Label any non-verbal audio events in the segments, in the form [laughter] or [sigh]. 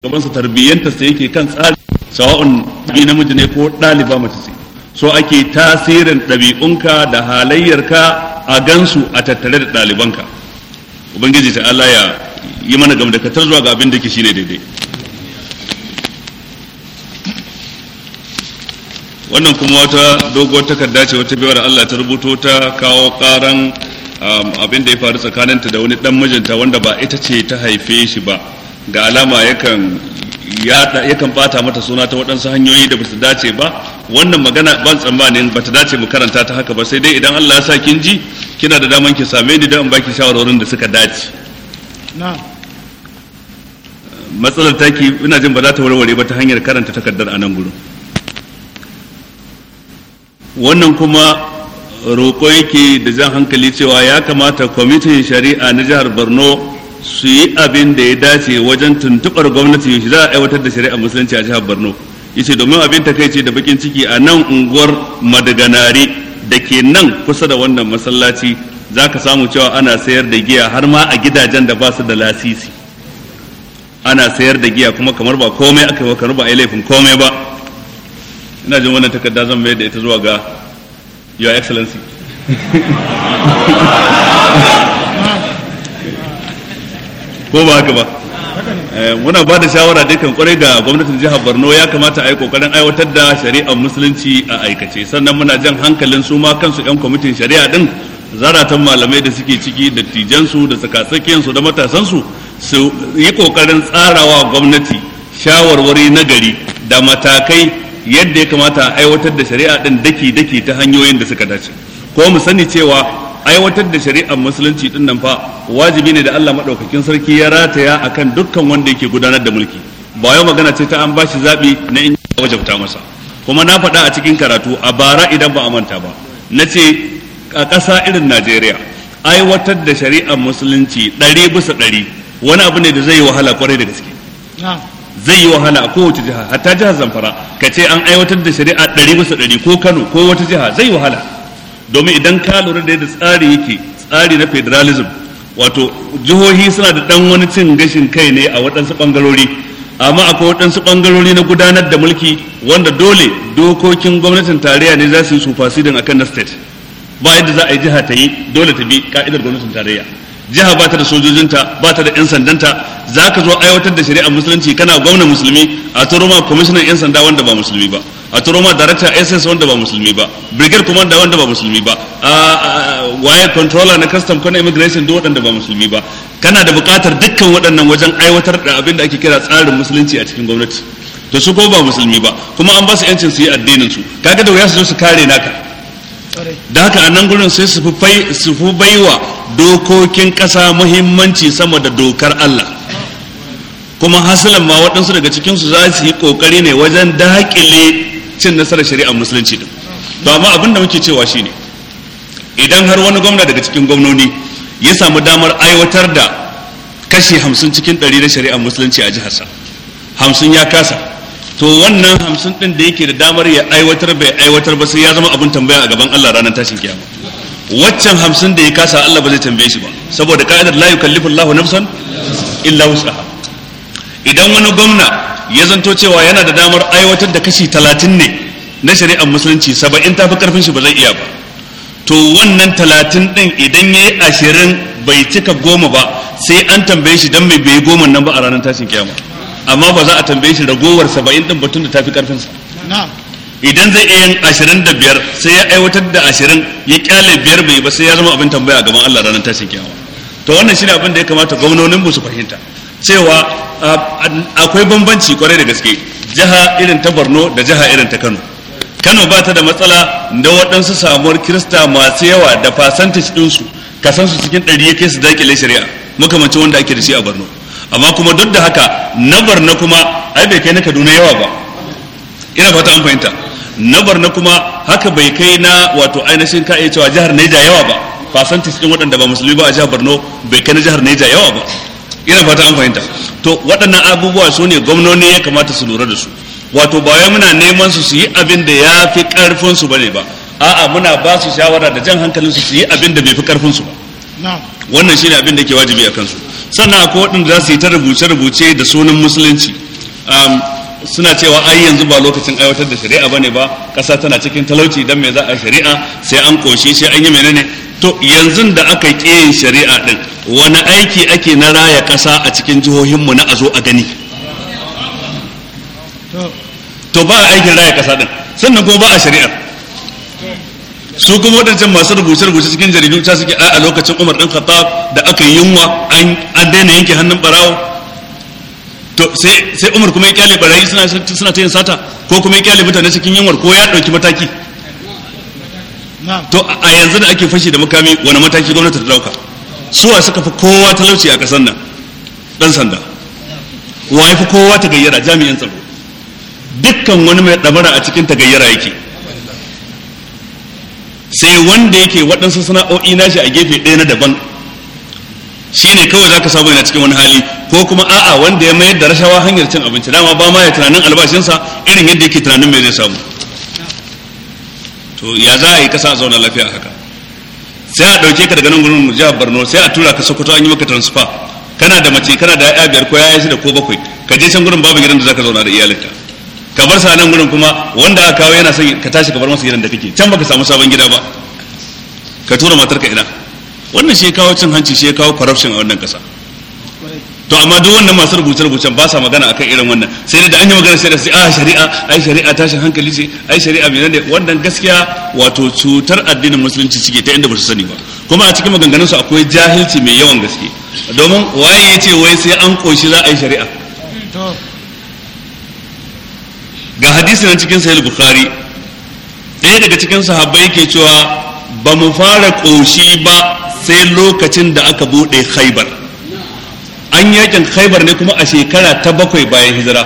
gaban su tarbiyyanta sa yake kan tsari sawa'un bi namiji ne ko ɗaliba mace ce so ake tasirin ɗabi'unka da halayyarka a gansu a tattare da ɗalibanka ubangiji ta Allah ya yi mana gama da katar zuwa ga abin da ke shine daidai wannan kuma wata doguwar takarda ce wata biyar Allah ta rubuto ta kawo karan um, abin da ya faru tsakaninta da wani dan mijinta wanda ba ita ce ta haife shi ba ga alama yakan bata mata suna ta waɗansu hanyoyi da basu dace ba wannan magana ban tsammanin bata dace mu karanta ta haka ba sai dai idan Allah ya sa kin ji kina da daman ki same ni don baki shawarwarin da suka dace matsalar taki ina jin ba za ta warware ba ta hanyar karanta takardar a nan gurin wannan kuma roƙo yake da jan hankali cewa ya kamata kwamitin shari'a na jihar borno su yi abin da ya dace wajen tuntuɓar gwamnati yaushe za a aiwatar da shari'ar musulunci a jihar borno yace domin abin ta takaici da bakin ciki a nan unguwar madaganare da ke nan kusa da wannan masallaci za ka samu cewa ana sayar da giya har ma a gidajen da ba su da lasisi ana sayar da giya kuma kamar ba komai aka yi ba a laifin komai ba ina jin wannan takarda zan mayar da ita zuwa ga your excellency [laughs] ko ba haka ba eh, muna ba da shawara dai kwarai ga gwamnatin jihar Borno ya kamata a yi kokarin aiwatar da shari'ar musulunci a aikace sannan muna jan hankalin su ma kansu yan kwamitin shari'a din zaratan malamai da suke ciki da tijansu da tsakatsakiyansu da matasansu su yi kokarin tsarawa gwamnati shawarwari nagari da matakai yadda ya kamata a aiwatar da shari'a din daki-daki ta hanyoyin da suka dace ko mu sani cewa aiwatar da shari'ar musulunci din nan fa wajibi ne da Allah madaukakin sarki ya rataya akan dukkan wanda yake gudanar da mulki ba yau magana ce ta an bashi zabi na in wajabta masa kuma na faɗa a cikin karatu a bara idan ba a manta ba na ce a ƙasa irin Najeriya aiwatar da shari'ar musulunci ɗari bisa ɗari wani abu ne da zai yi wahala kwarai da gaske zai yi wahala a kowace jiha hatta jihar zamfara ka ce an aiwatar da shari'a ɗari bisa ɗari ko kano ko wata jiha zai wahala domin idan ka lura da yadda tsari yake tsari na federalism wato jihohi suna da dan wani cin gashin kai ne a waɗansu ɓangarori amma akwai waɗansu ɓangarori na gudanar da mulki wanda dole dokokin gwamnatin tarayya ne za su yi sufasidin fasidin akan na state ba yadda za a yi jiha ta yi dole ta bi ka'idar gwamnatin tarayya jiha ba ta da sojojinta ba ta da 'yan sandanta za ka zo aiwatar da shari'ar musulunci kana gwamna musulmi a turo ma kwamishinan 'yan sanda wanda ba musulmi ba a turo ma darakta ss wanda ba musulmi ba brigade commander wanda ba musulmi ba waye controller na custom ko na immigration duk waɗanda ba musulmi ba kana da buƙatar dukkan waɗannan wajen aiwatar da abin da ake kira tsarin musulunci a cikin gwamnati to su ko ba musulmi ba kuma an ba su 'yancin su yi addinin su kaga da wuya su zo su kare naka da haka a nan gurin sai su fi baiwa dokokin ƙasa muhimmanci sama da dokar Allah kuma hasilan ma waɗansu daga cikinsu za su yi ƙoƙari ne wajen daƙile cin nasarar shari'ar musulunci din to amma abin da muke cewa shine idan har wani gwamna daga cikin gwamnoni ya samu damar aiwatar da kashi hamsin cikin ɗari na shari'ar musulunci a jiharsa hamsin ya kasa to wannan hamsin ɗin da yake da damar ya aiwatar bai aiwatar ba sai ya zama abin tambaya a gaban Allah ranar tashin kiyama waccan hamsin da ya kasa Allah ba zai tambaye shi ba saboda ka'idar la yukallifu Allahu nafsan illa wus'aha idan wani gwamna ya zanto cewa yana da damar aiwatar da kashi talatin ne na shari'ar musulunci saba'in tafi karfin shi ba zai iya ba to wannan talatin din idan ya yi ashirin bai cika goma ba sai an tambaye shi don mai bai goma nan ba a ranar tashin kiyama amma ba za a tambaye shi ragowar saba'in din batun da tafi na'am idan zai iya yin ashirin da biyar sai ya aiwatar da ashirin ya kyale biyar bai ba sai ya zama abin tambaya a gaban Allah ranar tashin kiyama to wannan shine abin da ya kamata gwamnonin mu su fahimta cewa akwai bambanci kwarai da gaske jiha irin ta Borno da jiha irin ta Kano Kano ba ta da matsala da waɗansu samuwar Kirista masu yawa da percentage ɗinsu ka san su cikin ɗari ya kai su dakile shari'a makamancin wanda ake da shi a Borno amma kuma duk da haka na Borno kuma ai bai kai na Kaduna yawa ba ina fata an fahimta na barna kuma haka bai kai na wato ainihin ka iya cewa jihar Neja yawa ba fasantis din waɗanda ba musulmi ba a jihar Borno bai kai na jihar Neja yawa ba ina fata an fahimta to waɗannan abubuwa su ne gwamnoni ya kamata su lura da su wato ba wai muna neman su su yi abin da ya fi karfin su bane ba a'a muna ba su shawara da jan hankalin su su yi abin da bai fi karfin su ba wannan shine abin da ke wajibi a kansu sannan akwai waɗanda za su yi ta rubuce-rubuce da sunan musulunci suna cewa ai yanzu ba lokacin aiwatar da shari'a ba ne ba kasa tana cikin talauci dan me za a shari'a sai an koshi shi an yi menene to yanzu da aka ki yin shari'a din wani aiki ake na raya kasa a cikin jihohin mu na azo a gani to ba aikin raya kasa din sannan kuma ba a shari'a su kuma waɗancan masu rubuce-rubuce cikin jaridu ta suke a lokacin umar ɗin khattab da aka yi yunwa an daina yanke hannun barawo. to sai sai Umar kuma ya kyale barayi suna suna ta yin sata ko kuma ya kyale mutane cikin yunwar ko ya dauki mataki to a yanzu da ake fashi da makami wani mataki gwamnati ta dauka suwa suka fi kowa talauci a kasan nan dan sanda wa ya fi kowa ta gayyara jami'an tsaro dukkan wani mai damara a cikin ta gayyara yake sai wanda yake waɗansu sana'o'i nashi a gefe ɗaya na daban shine kawai zaka samu yana cikin wani hali ko kuma a'a wanda ya mayar da rashawa hanyar cin abinci dama ba ma ya tunanin albashinsa irin yadda yake tunanin me zai samu to ya za a yi kasa zauna lafiya haka sai a ɗauke ka daga nan gurin jihar borno sai a tura ka sokoto an yi maka transfer kana da mace kana da ya'ya biyar ko ya'ya shida ko bakwai ka je can gurin babu gidan da zaka zauna da iyalinka ka bar sa nan gurin kuma wanda aka kawo yana son ka tashi ka bar masa gidan da kake can baka samu sabon gida ba ka tura matarka ina wannan shi ya kawo cin hanci shi ya kawo corruption a wannan kasa to amma duk wannan masu rubuce rubucen ba sa magana akan irin wannan sai da an yi magana sai da sai a ah, shari'a ai shari'a tashin hankali ce ai shari'a mai ne wannan gaskiya wato cutar addinin musulunci cike ta inda ba su sani ba kuma a cikin maganganun su akwai jahilci mai yawan gaske domin waye ya ce wai sai an koshi za a yi shari'a ga hadisi nan cikin sahih bukhari ɗaya daga cikin sahabbai ke cewa ba mu fara koshi ba sai lokacin da aka buɗe khaybar an yakin khaibar ne kuma a shekara ta bakwai bayan hijira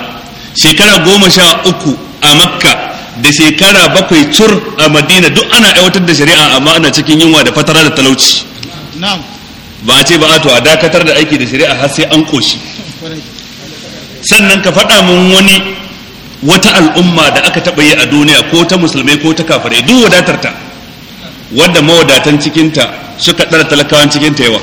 shekara goma sha uku a makka da shekara bakwai tur a madina duk ana aiwatar da shari'a amma ana cikin yunwa da fatara da talauci ba a ce ba a to a dakatar da aiki da shari'a har sai an koshi sannan ka faɗa mun wani wata al'umma da aka taɓa yi a duniya ko ta musulmai ko ta kafirai duk wadatar ta wadda mawadatan cikinta suka ɗara talakawan cikinta yawa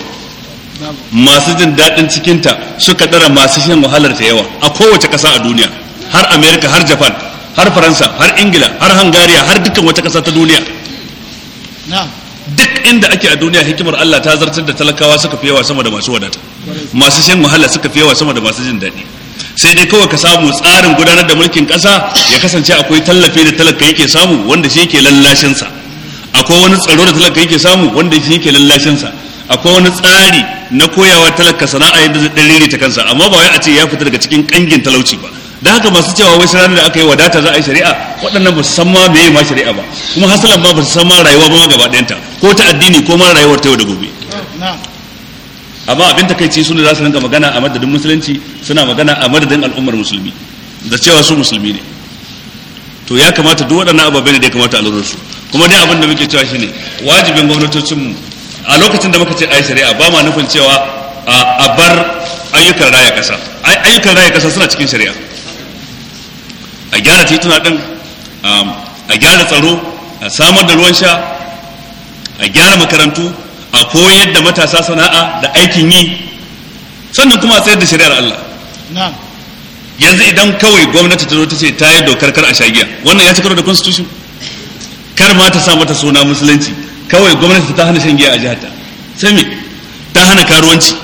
masu jin daɗin cikinta suka ɗara masu shan wahalar ta yawa a kowace ƙasa a duniya har Amerika, har japan har faransa har ingila har hungariya har dukkan wata ƙasa ta duniya duk inda ake a duniya hikimar allah ta zartar da talakawa suka fi yawa sama da masu wadata masu shan wahala suka fi yawa sama da masu jin daɗi sai dai kawai ka samu tsarin gudanar da mulkin ƙasa ya kasance akwai tallafi da talaka yake samu wanda shi yake lallashinsa akwai wani tsaro da talaka yake samu wanda shi yake lallashin sa akwai wani tsari na koyawa talaka sana'a yadda zai dan ta kansa amma ba wai a ce ya fita daga cikin kangin talauci ba da haka masu cewa wai sanar da aka yi wadata za a yi shari'a waɗannan ba su san ma meye ma shari'a ba kuma hasalan ba ba su san ma rayuwa ba gaba ɗayanta ko ta addini ko ma rayuwar ta yau da gobe amma abin takaici su ne za su rinka magana a madadin musulunci suna magana a madadin al'ummar musulmi da cewa su musulmi ne to ya kamata duk waɗannan ababen da ya kamata a lura su kuma dai abin da muke cewa shine wajibin gwamnatocinmu a lokacin da muka ce ai shari'a ba ma nufin cewa a bar ayyukan raya kasa ayyukan raya kasa suna cikin shari'a a gyara tituna din a gyara tsaro a samar da ruwan sha a gyara makarantu a koyar da matasa sana'a da aikin yi sannan kuma a tsayar da shari'ar Allah yanzu idan kawai gwamnati ta zo ta ce ta yi dokar kar a shagiya wannan ya ci karo da constitution kar ma ta sa mata suna musulunci kawai gwamnati ta hana shan giya a jiharta sai me ta hana karuwanci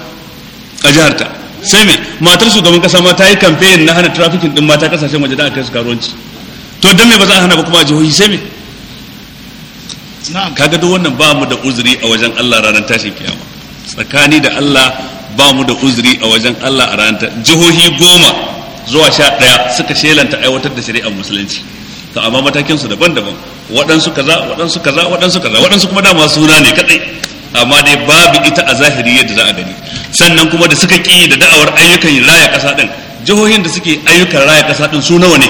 a jiharta sai me matar shugaban kasa ma ta yi kamfen na hana trafficking din mata kasashen waje da aka su karuwanci to dan me ba za a hana ba kuma a jihohi sai me kaga duk wannan ba mu da uzuri a wajen Allah ranar tashin kiyama tsakani da Allah ba mu da uzuri a wajen Allah a ranar jihohi goma zuwa sha ɗaya suka shelanta aiwatar da shari'ar musulunci to amma matakin su daban-daban waɗansu kaza waɗansu kaza waɗansu kaza waɗansu kuma dama suna ne kadai amma dai babu ita a zahiri yadda za a gani sannan kuma da suka ƙi da da'awar ayyukan raya ƙasa ɗin jihohin da suke ayyukan raya ƙasa ɗin su nawa ne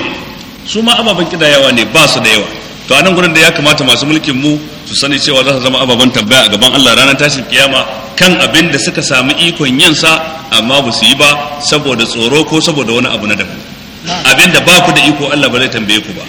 su ma ababen kidayawa ne ba su da yawa to a nan gurin da ya kamata masu mulkin mu su sani cewa za su zama ababen tambaya a gaban Allah ranar tashin kiyama kan abin da suka samu ikon yin sa amma ba su yi ba saboda tsoro ko saboda wani abu na daban abin da ba ku da iko Allah ba zai tambaye ku ba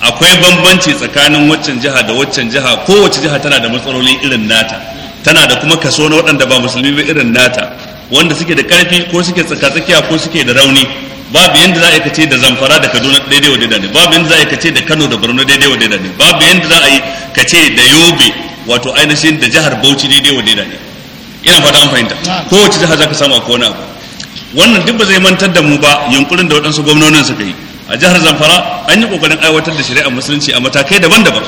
akwai bambanci tsakanin waccan jiha da waccan jiha kowace jiha tana da matsaloli irin nata tana da kuma kaso na waɗanda ba musulmi ba irin nata wanda suke da ƙarfi ko suke tsakatsakiya ko suke da rauni babu yanda za a kace da zamfara da kaduna daidai wa daidai ne babu yanda za a kace da kano da borno daidai wa daidai ne babu yanda za a yi kace da yobe wato ainihin da jihar bauchi daidai wa daidai ne ina fata an fahimta kowace jiha za ka samu akwai wani abu wannan duk ba zai mantar da mu ba yunkurin da waɗansu gwamnonin suka yi a jihar zamfara an yi kokarin aiwatar da shari'ar musulunci a matakai daban-daban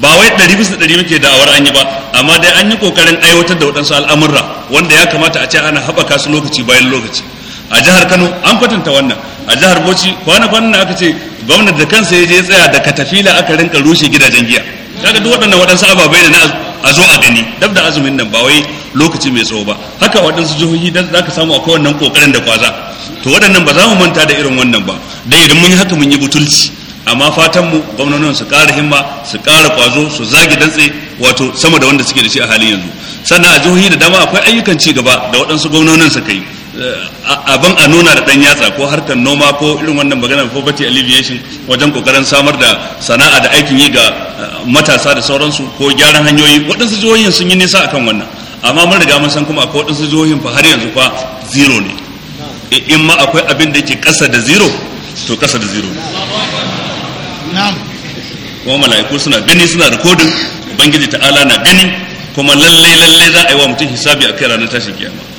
ba wai ɗari bisa ɗari muke da'awar an yi ba amma dai an yi kokarin aiwatar da waɗansu al'amurra wanda ya kamata a ce ana haɓaka su lokaci bayan lokaci a jihar kano an kwatanta wannan a jihar bauchi kwana kwana aka ce gwamnati da kansa ya je tsaya da katafila aka rinka rushe gidajen giya kaga duk waɗannan waɗansu ababai da na a zo a gani dab da azumin nan ba wai lokaci mai tsawo ba haka waɗansu jihohi da za ka samu akwai wannan kokarin da kwaza to waɗannan ba za mu manta da irin wannan ba dai idan mun yi haka mun yi butulci amma fatan mu gwamnatin su ƙara himma su ƙara kwazo su zagi dantse wato sama da wanda suke da shi a halin yanzu sannan a jihohi da dama akwai ayyukan ci gaba da waɗansu gwamnatin su kai eh, abin a nuna da ɗan yatsa ko harkar noma ko irin wannan magana ko bati alleviation wajen kokarin samar da sana'a da aikin yi ga eh, matasa da sauransu ko gyaran hanyoyi waɗansu jihohin sun yi nisa akan wannan amma mun riga mun san kuma akwai waɗansu jihohin fa har yanzu fa zero ne Eh, in ma akwai abin da yake kasa da zero to kasa da zero kuma mala'iku suna gani suna rikodin ubangiji ta'ala na gani kuma lallai lallai za a yi wa mutum hisabi a kai ranar tashin kiyama